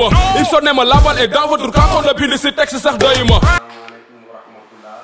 ma Ibson ne ma laabal et dans votre cas kon la bind si texte sax doyu ma asalaamaaleykum wa rahmatullah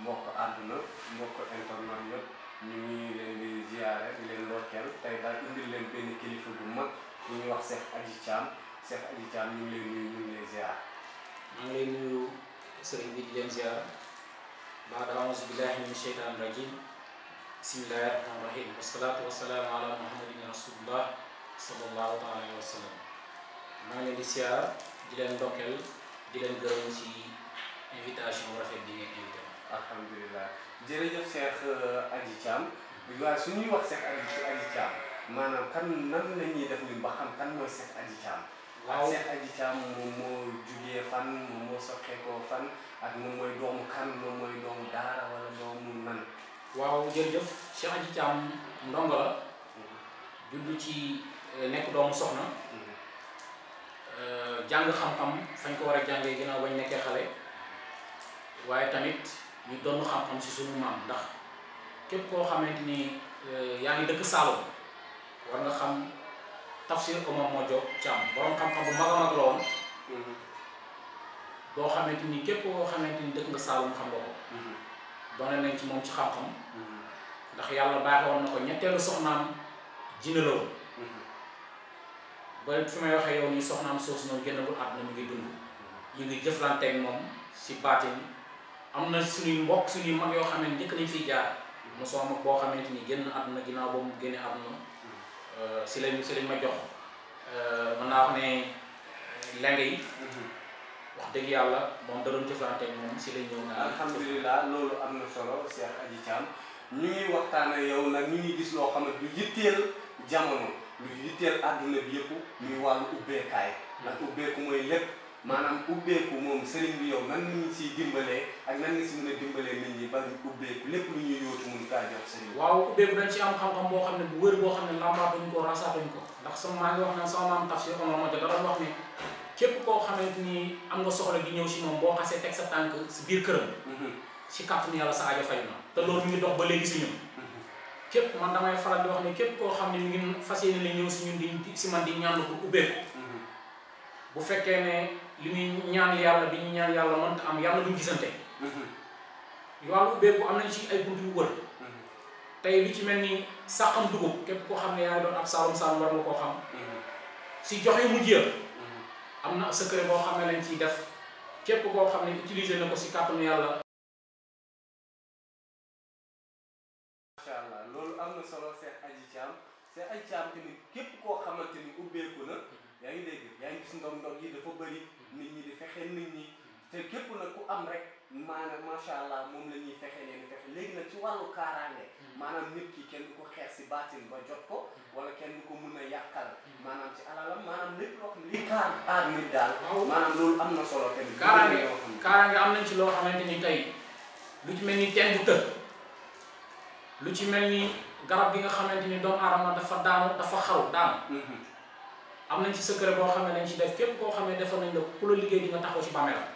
mbokk àdduna mbokk internet yëpp ñu ngi leen di ziare di leen ndokkeel tey daal indil leen benn kilifa bu mag bu ñuy wax Cheikh Adji Thiam Cheikh Adji Thiam ñu ngi leen nuyu ñu ngi leen ziar ñu ngi leen nuyu sëriñ bi di leen ziar baada auzu billahi min sheytaan rajim bismillahi rahmaani rahim wasalaatu wasalaamu ala muhammadin rasulillah sallallahu taala wa sallam maa leen di siyaar di leen ndokkeel di leen gërëm ci invitation rafet bi ngeen invité alhamdulilah jërëjëf Cheikh Adji Thiam waaw su ñuy wax Cheikh Adji Thiam maanaam kan nan la ñuy def ñun ba xam kan mooy Cheikh Adji Thiam waaw Cheikh Adji Thiam moom moo jugee fan moom moo soqeekoo fan ak moom mooy doomu kan moom mooy doomu daara wala doomu nan waaw jërëjëf Cheikh Adji Thiam ndongo la mhm. judd ci eh, nekk doomu soxna mhm. jàng xam-xam fañ ko war a jàngee ginnaaw bañ nekkee xale waaye tamit ñu doon xam-xam si suñu maam ndax képp koo xamante ni euh, yaa ngi dëkk Saalum war nga xam tafsir Omar Mojo Thiam borom xam-xam bu mag a mag la woon boo mm-hmm. xamante ni képp koo xamante ni dëkk nga Saalum xam nga ko mm-hmm. doone nañ ci moom ci xam-xam mm-hmm. ndax yàlla baaxoon na ko ñetteelu soxnaam jina la woon wala fi may waxee yow nii soxnaam soosu noonu génnagul àdduna mi ngi dund ñu ngi jëflanteeg moom si baatin am na suñuy mbokk suñuy mag yoo xam ne njëkk nañ fiy jaar mu soo mag boo xamante ni génn àdduna ginnaaw ba mu génne àdduna si euh, lañ si lañ ma jox euh, mën naa wax ne euh, lenge yi wax dëgg yàlla moom da doon moom si lañ ñëw naa alhamdulilah loolu am na solo Cheikh Adji Thiam ñu ngi waxtaan yow nag ñu ngi gis loo xam ne du yitteel jamono luy yitteel àdduna bi yëpp muy wàllu ubbeekaay ndax ubbeeku mooy lépp maanaam ubbeeku moom sëriñ bi yow nan ñu ciy dimbalee ak nan nga si mën a dimbalee nit ñi ba ñu ubbeeku lépp lu ñuy yóotu mun kaa jox sëriñ waaw ubbeeku dañ ci am xam-xam boo xam ne bu wér boo xam ne lambaa dañ ko rasa dañ ko ndax sama maa ngi wax ne sama maam taf si onor ma dara wax ne képp koo xamante ni am nga soxla gi ñëw si moom boo xasee teg sa tànk si biir mm-hmm. si kàttanu yàlla képp man damay faral di wax ne képp koo xam ne mi ngi fas yéene la ñëw si ñun di si man di ñaan ko ubbeeku mm-hmm. bu fekkee ne li muy ñaan yàlla bi ñu ñaan yàlla mënta am yàlla duñ gisante wàllu mm-hmm. ubbeeku am nañ ci ay bunt yu wër mm-hmm. tey lu ci mel ni sàqam dugub képp koo xam ne yaa ngi doon ab saalum saalum war nga koo xam si joxe mujj am na secret boo xam ne lañ ciy def képp koo xam ne utiliser na ko si kàttanu yàlla macha allah loolu am na solo Cheikh Adji Thiam Cheikh Adji Thiam tamit képp koo xamante ni ubbeeku na yaa ngi dégg yaa ngi gis ndog ndog yi dafa bëri nit ñi di fexe nit ñi te képp nag ku am rek maanaam macha allah moom la ñuy fexe leen fexe léegi nag ci wàllu kaaraange maanaam nit ki kenn du ko xeex si baatin ba jot ko wala kenn du ko mun a yàqal maanaam ci alalam maanaam lépp loo xam ne lii kaar aar nit daal maanaam loolu am na solo tamit kaaraange kaaraange am nañ ci loo xamante ni tey lu ci mel ni teen bu tëj lu ci mel ni garab gi nga xamante ni doomu arama dafa daanu dafa xaru daanu. Mm-hmm. am nañ ci secret boo xam ne dañ ci def képp koo xam ne defal nañ la ku la liggéey di nga taxaw ci bàmmeelam.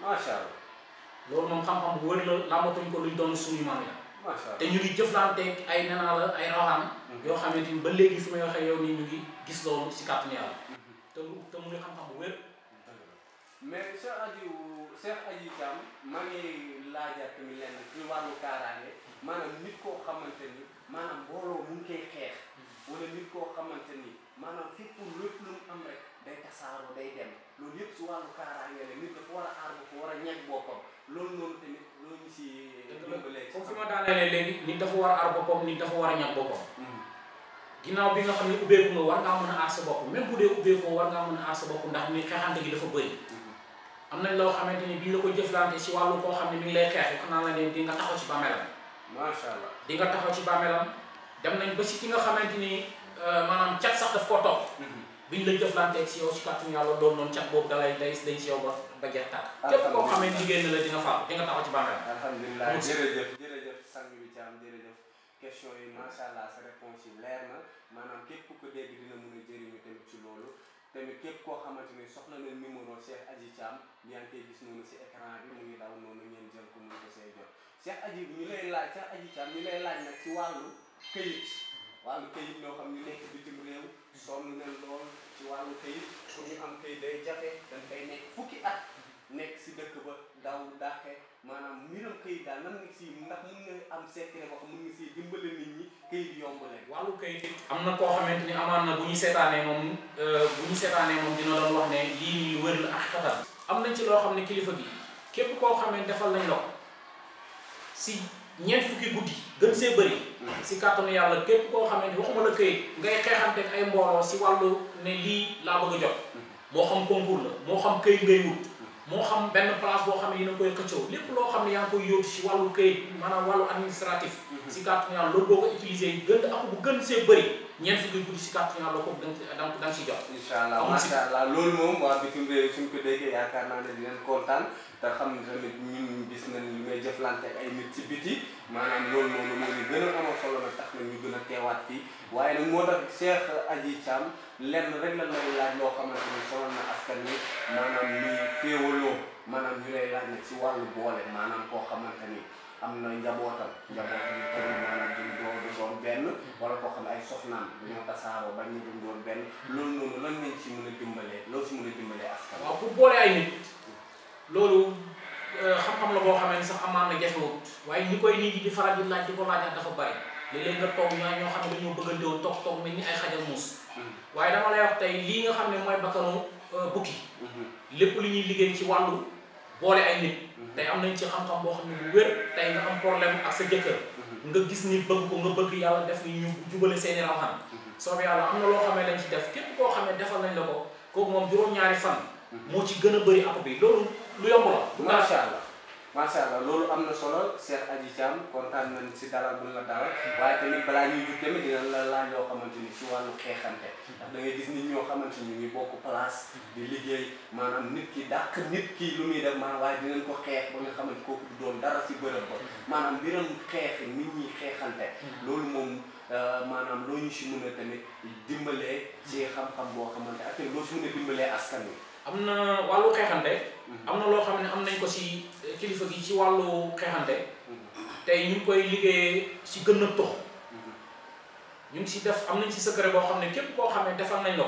macha allah loolu moom xam-xam bu wër la làmbatuñ ko luñ doon suñu maam la. macha allah te ñu ngi jëflanteeg ay nenaa la ay rawaan. Mm-hmm. yoo xamante ni ba léegi fi may waxee yow nii ñu ngi gis loolu ci kàttanu yàlla. Mm-hmm. te mu te mu ngi xam-xam bu wér. mais Cheikh Aliou Cheikh yi Thiam maa ngi laajaat tamit lenn ci wàllu kaaraange maanaam nit koo xamante ni maanaam mbooloo mu ngi koy xeex. koo xamante ni maanaam fépp lépp lu mu am rek day tasaaroo day dem loolu yëpp si wàllu kaaraange la nit dafa war a aar war a ñàkk boppam loolu noonu tamit ñu si. dimbalee comme fi ma daanelee léegi nit dafa war a aar boppam dafa war a ñàkk boppam. Hmm. ginnaaw bi nga xam ni ubbeeku nga war ngaa mën a aar sa bopp même bu dee ubbeeku nga war ngaa mën a aar sa bopp ndax ni xeexante gi dafa bëri. Hmm. amna lo xamanteni bi la ko jëflanté ci walu ko xam mi ngi lay xeex ko nan la né di nga taxaw ci bamélam ma sha allah di nga taxaw ci bamélam dem nañ ba ci ki nga xamanteni ni euh, maanaam cat sax daf ko top mhm. buñ la jëflanté ci yow ci kàttan yàlla doon non ciat bobu dalay day day ci yow ba ba jé tak képp ko xamee digéen la di nga fa di nga taxaw ci bàmmeelam alhamdulilah jërëjëf jërëjëf sang bi ci Thiam jërëjëf question yi ma sha allah sa réponse yi leer na maanaam képp ku ko dégg dina mëna a jëriñu tamit ci lolu tamit képp koo xamante ni soxla na numéro Cheikh Adji Thiam yaa ngi koy gis noonu si écran bi mu ngi daw noonu ngeen jël ko mën ko see jot Cheikh Adji bi ñu lay laaj Cheikh Adji Thiam ñu lay laaj si wàllu këyit wàllu këyit xam ñu nekk bitim réew sonn leen lool ci wàllu këyit pour ñu am këyit day jafe dañ koy nekk fukki at nekk si dëkk ba daw dàqe maanaam mbiram këyit daal nan nga si ndax mun nga am secret boo xam mun nga siy dimbale nit ñi kayit yomb wàllu kayit am na koo xamante ni amaan na bu ñu seetaanee moom euh, bu ñu seetaanee moom dina doon wax ne lii nii wër la ak xatal am nañ ci loo xam ne kilifa gi képp koo xam ne defal nañ la ko si ñeent fukki guddi gën see bëri mm. si kàttanu yàlla képp koo xamante waxuma la kayit ngay xeexante ay mbooloo si wàllu ne lii laa bëgg a jot mm. moo xam concours la moo xam kayit ngay wut mm. moo xam benn place boo xam ne yéen a koy xëccoo lépp loo xam ne yaa ngi koy yóotu si wàllu kayit maanaam wàllu administratif si kàttu yàlla loolu boo ko utilisé gën am bu gën see bëri ñeent fukki guddi si kàttu yàlla kooku da nga da si jot. incha allah macha allah loolu moom waa bitim réew suñ ko déggee yaakaar naa ne dinañ kontaan te xam ne tamit ñun gis nañ li ngay ay nit ci biti maanaam loolu moom moo ñu gën a amal gën a teewaat fii waaye nag moo tax Cheikh Adji Thiam lenn rek la lay laaj loo xamante ni sonal na askan wi maanaam muy féewaloo maanaam ñu lay laaj nag si wàllu boole maanaam koo xamante ni. am na njabootam njabootam tamit doon benn wala koo xam ne ay soxnaam dañoo tasaaroo bañ ñu duñ benn loolu noonu lan lañ ci mën a dimbalee loolu ci mën a dimbalee askan waaw bu boolee ay nit euh, xam-xam la boo sax na jafewut waaye ñi koy nit ñi di faral laaj di ko laajaat dafa bari léeg-léeg nga toog ñaa ñoo xam ne dañoo bëggandoo toog toog mel ni ay xajal hmm. waaye dama lay wax tey lii nga xam ne mooy bakkanu euh, bukki hmm. lépp lu ñuy liggéey ci wàllu boole ay nit tey am nañ ci xam-xam boo xam ne lu wér tey nga am problème ak sa jëkkër mhm. nga gis ni bëgg ko nga bëgg yàlla def ni ñu jubale seeni rawxaan mhm. soobee yàlla am na loo xamee lañ ci def képp koo xamee defal nañ la ko kooku moom juróom-ñaari fan mhm. moo ci gën a bëri app bi loolu lu yomb la macha allah macha allah loolu am na solo Cheikh Adji Thiam kontaan nañ si dalal bu la dalal waaye tamit balaa ñuy jug tamit dina la laaj loo xamante ni si wàllu xeexante ndax da ngay gis nit ñoo xamante ni ñu ngi bokk place di liggéey maanaam nit ki dàq nit ki lu muy def maanaam waaye dinañ xeex ba nga xamante kooku du si bërëb ba maanaam mbiram xeex nit ñi xeexante loolu moom euh, maanaam loo ñu si mën a tamit dimbalee ci xam-xam boo xamante ak loo si mën a dimbalee askan wi am na wàllu xeexante am na loo xam ne am nañ ko si eh, kilifa gi ci wàllu xeexante tey ñu ngi koy liggéeyee si gën a tux ñu ngi si def am nañ si secret boo xam ne képp koo xam ne defal nañ la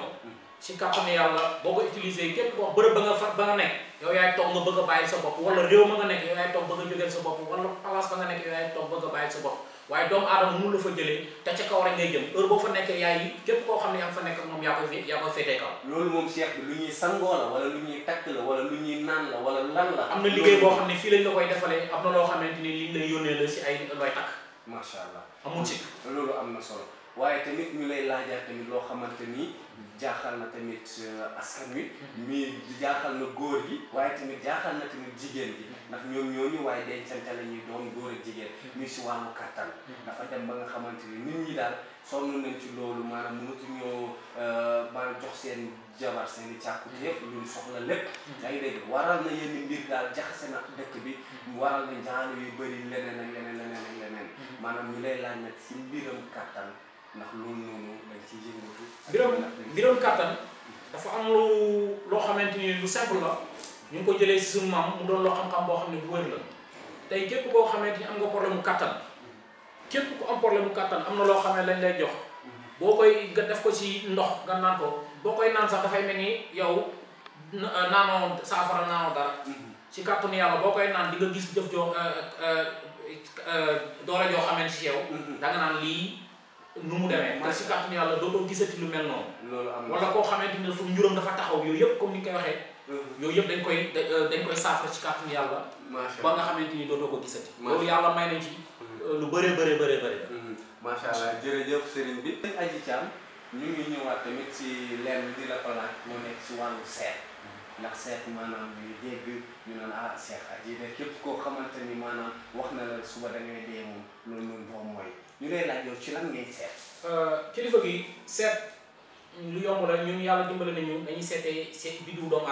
si si kàttanu yàlla boo ko utilisé képp koo bërëb ba nga fa ba nga nekk yow yaay toog nga bëgg a bàyyi sa bopp wala réew ma nga nekk yow yaay toog bëgg a jógeel sa bopp wala place ba nga nekk yow yaay toog bëgg bàyyi sa bopp waaye doomu aadama mënu la fa jëlee te ca kaw rek ngay jëm heure boo fa nekkee yaay yi képp koo xam ne yaa ngi fa nekk ak moom yaa koy fi yaa koy féetee kaw loolu moom cheikh bi lu ñuy sangoo la wala lu ñuy takk la wala lu ñuy naan la wala lan la am na liggéey boo xam ne fii lañ la koy defalee am na loo xamante ni liñ lay yónnee la si ay looy takk macha allah amul si loolu am na solo waaye tamit ñu lay laajaat tamit loo xamante ni jaaxal na tamit euh, askan wi. mi mm-hmm. jaaxal na góor yi. waaye tamit jaaxal na tamit jigéen gi. Mm-hmm. ndax ñoom ñooñu waaye dencante la ñuy doon góor ak jigéen. Mm-hmm. ñu si wàllu kattan. dafa dem ba nga xamante ni nit ñi daal sonn nañ ci loolu maanaam mënatuñoo maanaam euh, jox seen jabar seen i càkkutéef ñun soxla lépp. yaa ngi dégg waral na yenn mbir daal jaxase na dëkk bi. waral na njaalo yu bari leneen ak leneen leneen ak maanaam ñu lay laaj nag si mbiram ndax loolu noonu dañ ci yëngatu mbiram mbiram kàttan dafa am lu loo xamante ni lu simple la ñu ngi ko jëlee si suñu maam mu doon loo xam-xam boo xam ne bu wér la tey képp koo xamante ni am nga problème mu kàttan képp ku am problème mu kàttan am na loo xam ne lañ lay jox boo koy nga def ko ci ndox nga naan ko boo koy naan sax dafay mel ni yow euh, naanoo saafara naanoo dara ci kàttanu yàlla boo koy naan di nga gis jëf joo euh, euh, doole joo xamante si yow mm-hmm. da nga naan lii nu mu demee te si kàttanu yàlla dootoo gisati lu mel noonu xamante ne fu dafa taxaw yooyu yëpp comme ni ñu koy waxee mm-hmm. yooyu koy dañ koy saafara ci kàttanu yàlla ba nga xamante ni dootoo ko gisati loolu yàlla may nañ ci mm-hmm. lu bëree bëree bëree bëri mm-hmm. macha allah jërëjëf sëriñ bi aji Thiam ñu ngi ñëwaat tamit ci lenn di la ko laaj moo nekk ci wàllu seet ndax seet maanaam ñuy dégg ñu naan ah Cheikh Adji de képp koo xamante ni maanaam wax na la suba da ngay dee moom loolu noonu moom mooy ñu lay laaj yow ci lan ngay seet. Euh, kilifa gi seet lu yomb rek ñun yàlla dimbale nañu dañuy seetee seet biddiwu doomu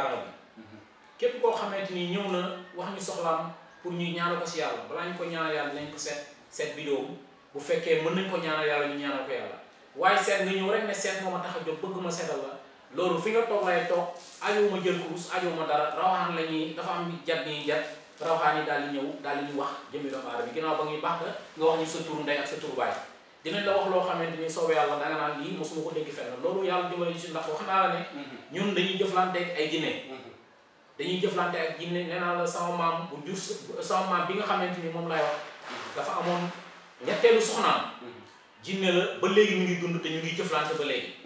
mhm. képp koo xamante ni ñëw na wax ñu soxlaam pour ñu ñaanal ko si yàlla ko ñaanal yàlla nañ ko seet seet biddiwu bu fekkee mën nañ ko ñaanal yàlla ñu ñaanal ko yàlla waaye seet nga ñëw rek ne seet moo ma tax a jóg bëgg ma seetal la. loolu fi nga toog lay toog ajoo ma jël kurus ajoo ma dara rawaxaan la ñuy dafa am jat nii jat rawaxaan yi daal di ñëw daal di ñu wax jëmmi doomu aadama bi ginnaaw ba ngi baax nga nga wax ñu sa tur wax loo xamante ni soobee yàlla danga naan lii mosuma ko dégg fenn loolu yàlla dimbali si ndax wax naa la ne mhm. dañuy jëflanteeg ay jinne mhm. dañuy jëflante ak jinne nee naa la sama maam bu jur sama bi nga xamante ni moom lay wax mhm. dafa amoon ñetteelu soxnaam jinne la ba léegi mi ngi dund te ñu ngi jëflante ba léegi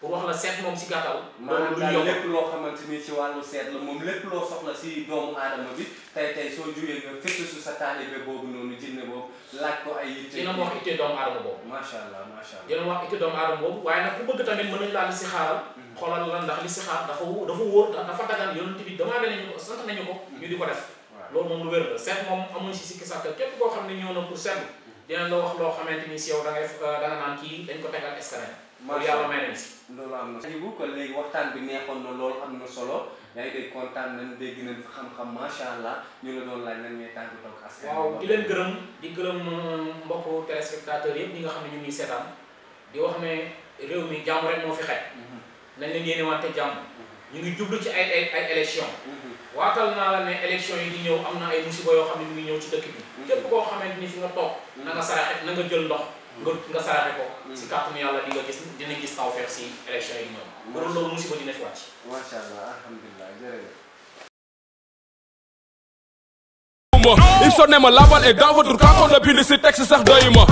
pour wax la seet moom si gàttal. loolu lu lépp loo xamante ni ci wàllu seet na moom lépp loo soxla si doomu aadama bi tey tey soo jugee nga fekk su sa taalibe boobu noonu jinne boobu laaj ko ay. yitte dina wax itte boobu. macha allah macha allah dina wax itte boobu waaye nag ku bëgg tamit mën nañu laa li si xaaral. Mhm. xoolal la ndax li si xaar dafa wó dafa wóor dafa dagal yonent bi demandé nañu ko sant nañu ko. Mhm. ñu di ko def. loolu moom lu wér la képp koo xam ne ñëw na pour seetlu mhm. dinañ la wax loo xamante ni si yow da ngay da dañ ko tegal loolu yàlla may nañ si loolu am na solo kon léegi waxtaan bi neexoon na loolu am na solo yaa ngi dégg kontaan nañ dégg nañ fa xam-xam macha allah ñu la doon laaj lan ngay tàggatoo ak askan waaw di leen gërëm di gërëm euh, mbokk téléspectateurs yëpp ñi nga xam ne ñu ngi seetaan di wax ne réew mi jàmm rek moo fi xaj mhm. nañ leen yéene wante jàmm mhm. ñu ngi jublu ci ay ay ay élection mhm. waatal naa la ne élection yi di ñëw am na ay musiba yoo xam ne ñu ñëw ci dëkk bi képp koo xamante ni fi nga toog na nga saraxe na nga jël ndox nga nga saraxe ko. Hmm. si kàttanu yàlla di nga ma la balle si texte sax doyuma.